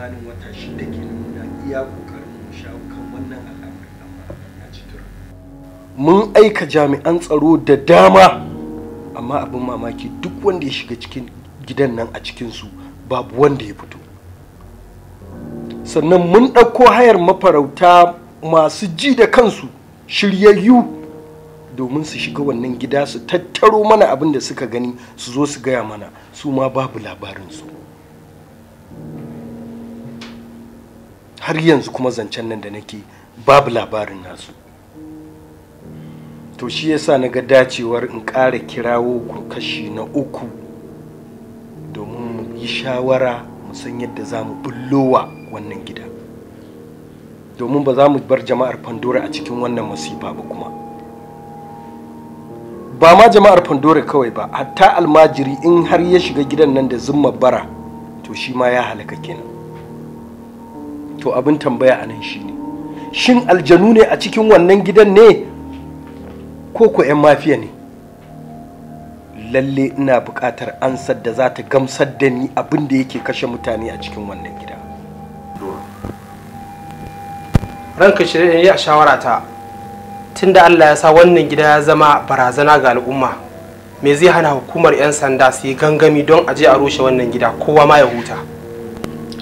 kimanin wata shida ke nuna iya kokarin mu shawo kan wannan al'amari amma ci mun aika jami'an tsaro da dama amma abin mamaki duk wanda ya shiga cikin gidan nan a cikinsu babu wanda ya fito sannan mun ɗauko hayar mafarauta masu ji da kansu shiryayyu domin su shiga wannan gida su tattaro mana abin da suka gani su zo su gaya mana su ma babu labarinsu har yanzu kuma zancen nan da nake babu labarin nasu to shi yasa na ga dacewar in ƙara kirawo ku kashi na uku domin mu yi shawara mu san yadda za mu bullowa wannan gida domin ba za mu bar jama'ar pandora a cikin wannan masifa ba kuma ba ma jama'ar pandora kawai ba hatta almajiri in har ya shiga gidan nan da zumma bara to shi ma ya halaka kenan to abin tambaya a nan shine shin aljanu ne a cikin wannan gidan ne ko ko 'yan mafiya ne lalle ina buƙatar ansar da za ta gamsar da ni abin da yake kashe mutane a cikin wannan gida ranka shirya ne a shawara ta tunda allah ya sa wannan gida ya zama barazana ga al'umma me zai hana hukumar 'yan sanda su yi gangami don a je a rushe wannan gida kowa ma ya huta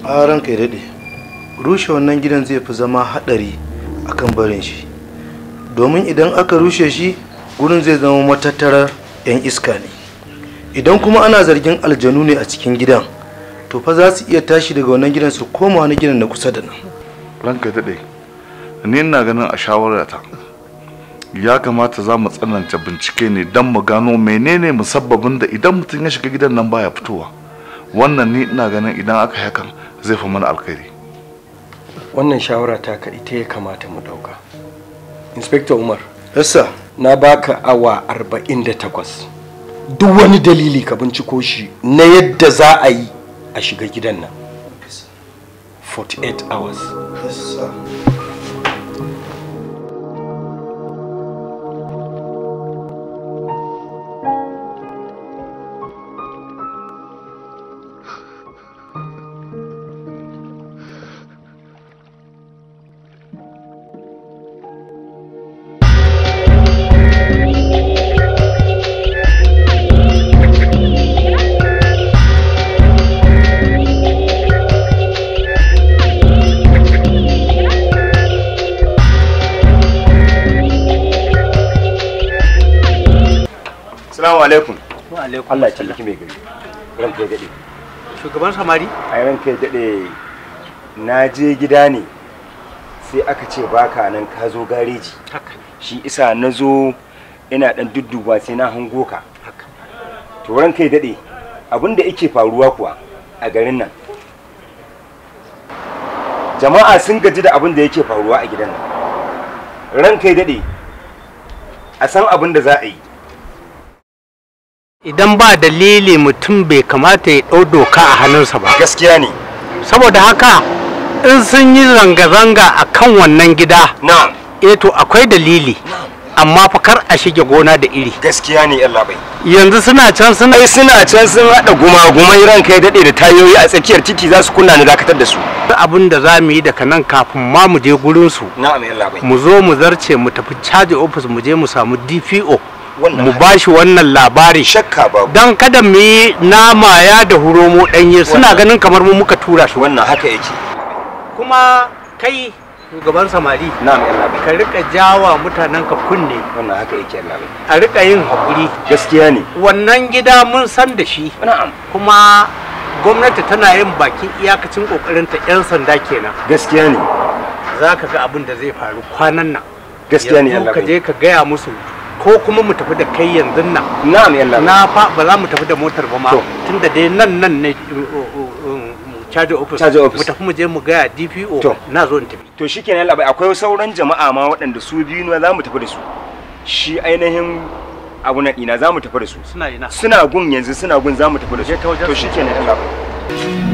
a ranka ya daɗe rushe wannan gidan zai fi zama haɗari akan barin shi domin idan aka rushe shi gurin zai zama matattarar 'yan iska ne idan kuma ana zargin aljanu ne a cikin gidan to fa za su iya tashi daga wannan gidan su koma wani gidan na kusa da nan ranka daɗe ni ina ganin a ta. ya kamata za mu tsananta bincike ne don mu gano menene musabbabin da idan mutum ya shiga gidan nan baya fitowa wannan ni ina ganin idan aka hakan zai fi mana alkhairi wannan shawara ta ka ita ya kamata mu dauka inspector umar yassa na baka awa 48 duk wani dalili ka binciko shi na yadda za a yi a shiga gidan nan 48 hours yes, sir. Assalamu alaikum. Allah ya tallaki mai gari. Ran kai dade. Shugaban samari? Ai ran kai dade. Na je gida ne. Sai aka ce baka nan ka zo gareji. Haka. Shi isa na zo ina dan dudduba sai na hango ka. Haka. To ran kai dade. Abin da yake faruwa kuwa a garin nan. Jama'a sun gaji da abin da yake faruwa a gidan nan. Ran kai dade. A san abin da za a yi. idan ba dalili mutum bai kamata ya ɗau doka a hannunsa ba gaskiya ne saboda haka in sun yi zanga-zanga a kan wannan gida na eh to akwai dalili amma fa kar a shige gona da iri gaskiya ne yalla bai yanzu suna can suna ai suna can sun hada guma, ran kai dade da tayoyi a tsakiyar ciki za su kunna ni dakatar da su abin da za mu yi daga nan kafin ma mu je gurin su na'am yalla bai mu zo mu zarce mu tafi caji office mu je mu samu DPO mu ba shi wannan labari shakka ba don kada mu yi nama ya da huromo ɗanye suna ganin kamar mu muka tura shi wannan haka yake kuma kai shugaban samari na'am ka rika jawa mutanen ka kunne wannan haka yake a rika yin hakuri gaskiya ne wannan gida mun san da shi kuma gwamnati tana yin bakin iyakacin ta yan sanda kenan gaskiya ne za ka ga abin da zai faru kwanan nan gaskiya ne ka je ka gaya musu ko kuma mu tafi da kai yanzu nan yalla na fa ba za mu tafi da motar ba ma tunda dai nan nan ne uh, uh, uh, um, charge office charge office mu tafi mu je mu ga DPO na zo in tafi to shikenan labai akwai sauran jama'a ma waɗanda su biyu ne za mu tafi da su shi ainihin abu na dina za mu tafi da su suna ina suna gun yanzu suna gun za mu tafi da su to shikenan labai